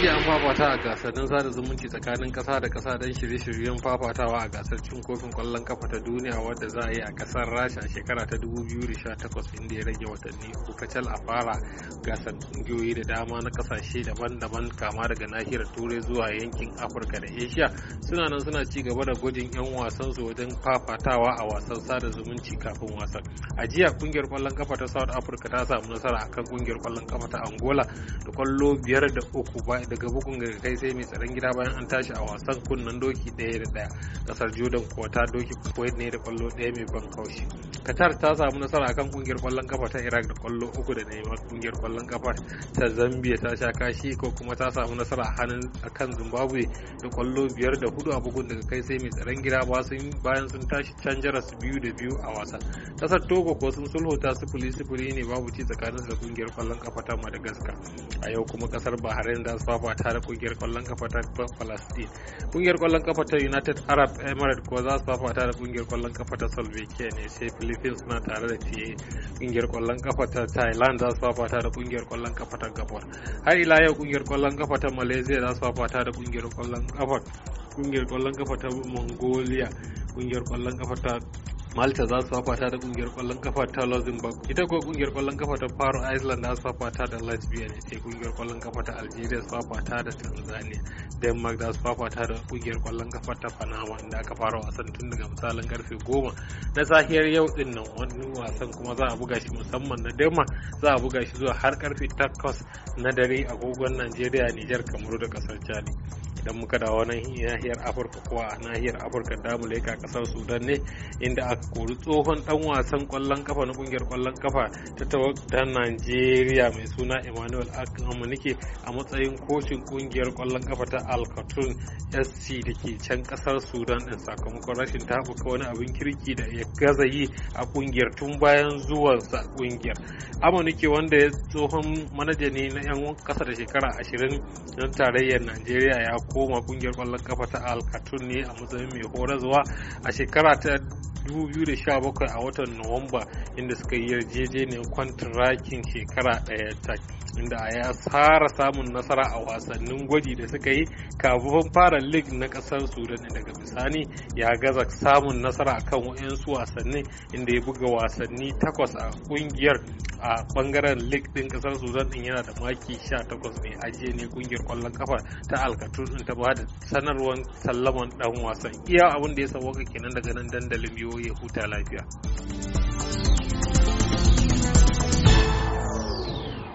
jiya an fafata a gasannin sada zumunci tsakanin kasa da kasa don shirye-shiryen fafatawa a gasar cin kofin kwallon kafa ta duniya wadda za a yi a kasar rasha shekara ta 2018 inda ya rage watanni uku kacal a fara gasar kungiyoyi da dama na kasashe daban-daban kama daga nahiyar turai zuwa yankin afirka da asia suna nan suna ci gaba da gwajin yan wasan su wajen fafatawa a wasan sada zumunci kafin wasan a jiya kungiyar kwallon kafa ta south africa ta samu nasara akan kungiyar kwallon kafa ta angola da kwallo biyar da uku daga bugun ga kai sai mai tsaron gida bayan an tashi a wasan kunnen doki ɗaya da ɗaya kasar jordan kuwa ta doki kuwait ne da kwallo ɗaya mai ban kaushi qatar ta samu nasara akan kungiyar kwallon kafa ta iraq da kwallo uku da neman kungiyar kwallon kafa ta zambia ta sha kashi ko kuma ta samu nasara a hannun akan zimbabwe da kwallo biyar da hudu a bugun daga kai sai mai tsaron gida bayan sun tashi can jaras biyu da biyu a wasan kasar togo ko sun sulhuta sifili sifili ne babu ci tsakanin da kungiyar kwallon kafa ta madagascar a yau kuma kasar bahrain da su fafata da kungiyar kwallon kafa ta Palestine. Kungiyar kwallon kafa ta United Arab Emirates ko za su fafata da kungiyar kwallon kafa ta Slovakia ne sai Philippines na tare da fiye. Kungiyar kwallon kafa ta Thailand za su fafata da kungiyar kwallon kafa ta Gabon. Har ila yau kungiyar kwallon kafa ta Malaysia za su fafata da kungiyar kwallon kafa kungiyar kwallon kafa ta Mongolia kungiyar kwallon kafa ta malta za su fafata da kungiyar kwallon kafa ta luxembourg ita kuwa kungiyar kwallon kafa ta faro iceland za su fafata da latvia ne sai kungiyar kwallon kafa ta algeria su fafata da tanzania denmark za su fafata da kungiyar kwallon kafa ta panama inda aka fara wasan tun daga misalin karfe 10 na safiyar yau din nan wani wasan kuma za a buga shi musamman na denmark za a buga shi zuwa har karfe takwas na dare agogon najeriya niger kamaru da kasar Chad. idan muka dawo nan nahiyar afirka kuwa a nahiyar afirka damu leka kasar sudan ne inda aka kori tsohon dan wasan kwallon kafa na kungiyar kwallon kafa ta ta najeriya mai suna emmanuel nike a matsayin kocin kungiyar kwallon kafa ta alkatun sc da ke can kasar sudan din sakamakon rashin ta tafuka wani abin kirki da ya gaza yi a kungiyar tun bayan zuwansa kungiyar amunike wanda ya tsohon manaja ne na yan kasa da shekara ashirin na tarayyar najeriya ya koma kungiyar kwallon kafa ta alkatun ne a matsayin mai horarwa a shekara ta 2017 a watan nuwamba inda suka yi yarjejeniyar kwantirakin shekara daya ta inda a ya tsara samun nasara a wasannin gwaji da suka yi kafin fara lig na kasar sudan daga bisani ya gaza samun nasara akan wayansu wasannin inda ya buga wasanni takwas a kungiyar a bangaren league din kasar sudan din yana da maki 18 ne ajiye ne kungiyar kwallon kafa ta alkatu din ta bada sanarwar sallaman dan wasan iya abin da ya sauwaka kenan daga nan dandalin biyo ya huta lafiya